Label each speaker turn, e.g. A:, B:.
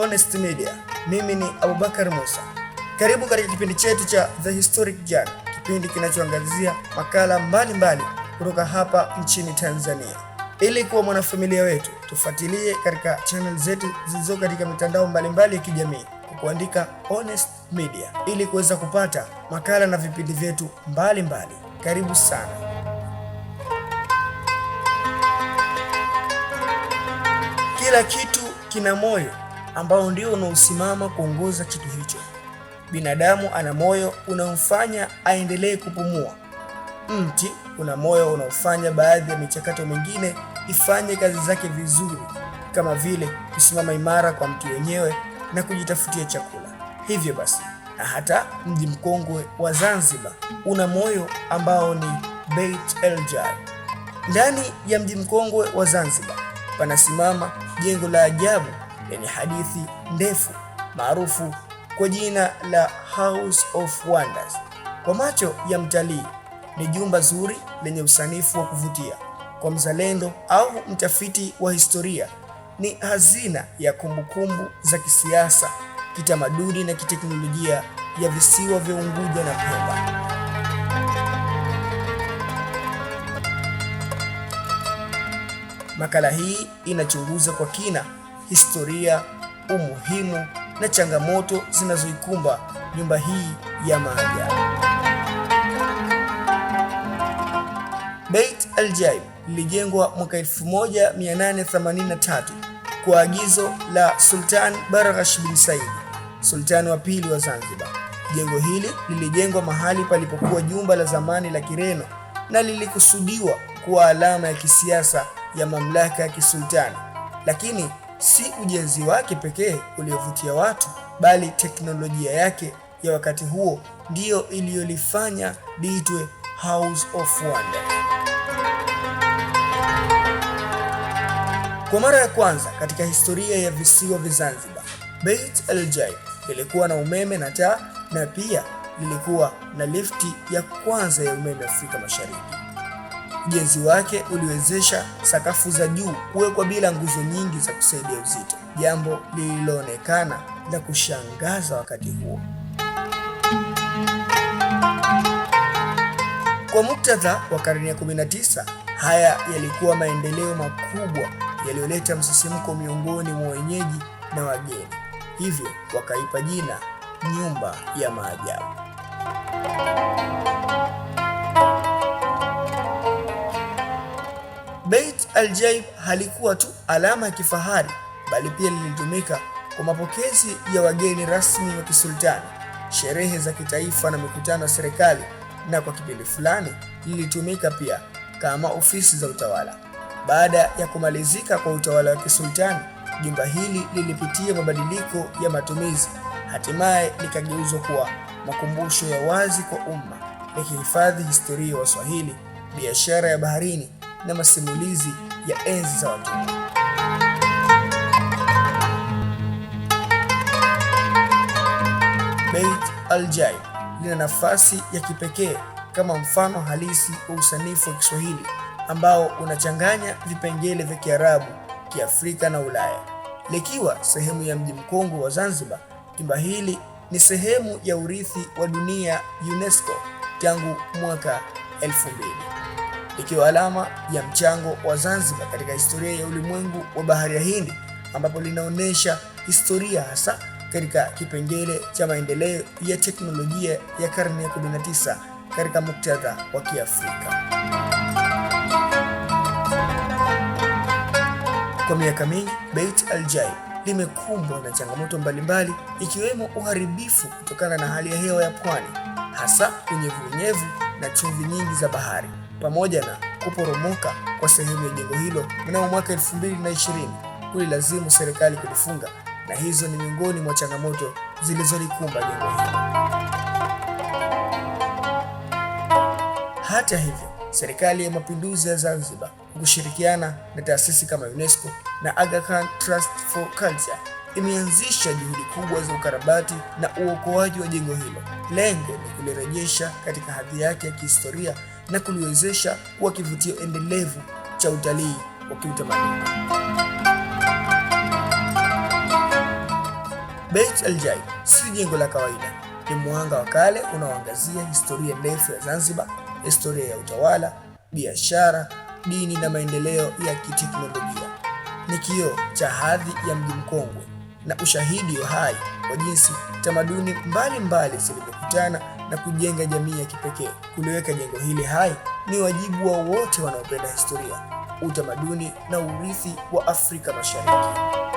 A: Honest Media. Mimi ni Abubakar Musa. Karibu katika kipindi chetu cha The Historic Jan, kipindi kinachoangazia makala mbalimbali kutoka hapa nchini Tanzania. Ili kuwa mwanafamilia wetu, tufuatilie katika channel zetu zilizo katika mitandao mbalimbali ya kijamii kwa kuandika Honest Media ili kuweza kupata makala na vipindi vyetu mbalimbali. Karibu sana. Kila kitu kina moyo ambao ndio unaosimama kuongoza kitu hicho. Binadamu ana moyo unaomfanya aendelee kupumua. Mti una moyo unaofanya baadhi ya michakato mingine ifanye kazi zake vizuri, kama vile kusimama imara kwa mti wenyewe na kujitafutia chakula. Hivyo basi, na hata mji mkongwe wa Zanzibar una moyo ambao ni Beit El Jai. Ndani ya mji mkongwe wa Zanzibar panasimama jengo la ajabu yenye hadithi ndefu maarufu kwa jina la House of Wonders. Kwa macho ya mtalii ni jumba zuri lenye usanifu wa kuvutia. Kwa mzalendo au mtafiti wa historia ni hazina ya kumbukumbu za kisiasa, kitamaduni na kiteknolojia ya visiwa vya Unguja na Pemba. Makala hii inachunguza kwa kina historia, umuhimu na changamoto zinazoikumba nyumba hii ya maajabu. Beit Aljaib lilijengwa mwaka 1883 kwa agizo la Sultan Barghash bin Said, sultani wa pili wa Zanzibar. Jengo hili lilijengwa mahali palipokuwa jumba la zamani la Kireno na lilikusudiwa kuwa alama ya kisiasa ya mamlaka ya kisultani, lakini si ujenzi wake pekee uliovutia watu, bali teknolojia yake ya wakati huo ndiyo iliyolifanya liitwe House of Wonder. Kwa mara ya kwanza katika historia ya visiwa vya Zanzibar, Beit El Jaib ilikuwa na umeme na taa na pia lilikuwa na lifti ya kwanza ya umeme Afrika Mashariki. Ujenzi wake uliwezesha sakafu za juu kuwekwa bila nguzo nyingi za kusaidia uzito, jambo lililoonekana la kushangaza wakati huo. Kwa muktadha wa karne ya 19, haya yalikuwa maendeleo makubwa yaliyoleta msisimko miongoni mwa wenyeji na wageni, hivyo wakaipa jina Nyumba ya Maajabu. Beit al-Jaib halikuwa tu alama ya kifahari bali pia lilitumika kwa mapokezi ya wageni rasmi wa kisultani, sherehe za kitaifa na mikutano ya serikali, na kwa kipindi fulani lilitumika pia kama ofisi za utawala. Baada ya kumalizika kwa utawala wa kisultani, jumba hili lilipitia mabadiliko ya matumizi, hatimaye likageuzwa kuwa makumbusho ya wazi kwa umma, likihifadhi historia ya Waswahili, biashara ya baharini na masimulizi ya enzi za watumwa. Beit Aljai lina nafasi ya kipekee kama mfano halisi wa usanifu wa Kiswahili ambao unachanganya vipengele vya Kiarabu, Kiafrika na Ulaya. Likiwa sehemu ya mji mkongwe wa Zanzibar, jumba hili ni sehemu ya urithi wa dunia UNESCO tangu mwaka elfu mbili ikiwa alama ya mchango wa Zanzibar katika historia ya ulimwengu wa bahari ya Hindi, ambapo linaonyesha historia hasa katika kipengele cha maendeleo ya teknolojia ya karne ya 19 katika muktadha wa Kiafrika. Kwa miaka mingi, Beit al Jai limekumbwa na changamoto mbalimbali ikiwemo uharibifu kutokana na hali ya hewa ya pwani, hasa unyevunyevu na chumvi nyingi za bahari pamoja na kuporomoka kwa sehemu ya jengo hilo mnamo mwaka 2020 kulilazimu serikali kulifunga, na hizo ni miongoni mwa changamoto zilizolikumba jengo hilo. Hata hivyo, serikali ya mapinduzi ya Zanzibar kushirikiana na taasisi kama UNESCO na Aga Khan Trust for Culture imeanzisha juhudi kubwa za ukarabati na uokoaji wa jengo hilo. Lengo ni kulirejesha katika hadhi yake ya kihistoria na kuliwezesha kuwa kivutio endelevu cha utalii wa kiutamaduni. Beit el Jai si jengo la kawaida, ni mwanga wa kale unaoangazia historia ndefu ya Zanzibar, historia ya utawala, biashara, dini na maendeleo ya kiteknolojia. Ni kioo cha hadhi ya mji mkongwe na ushahidi wa hai wa jinsi tamaduni mbalimbali zilivyokutana na kujenga jamii ya kipekee. Kuliweka jengo hili hai ni wajibu wa wote wanaopenda historia, utamaduni na urithi wa Afrika Mashariki.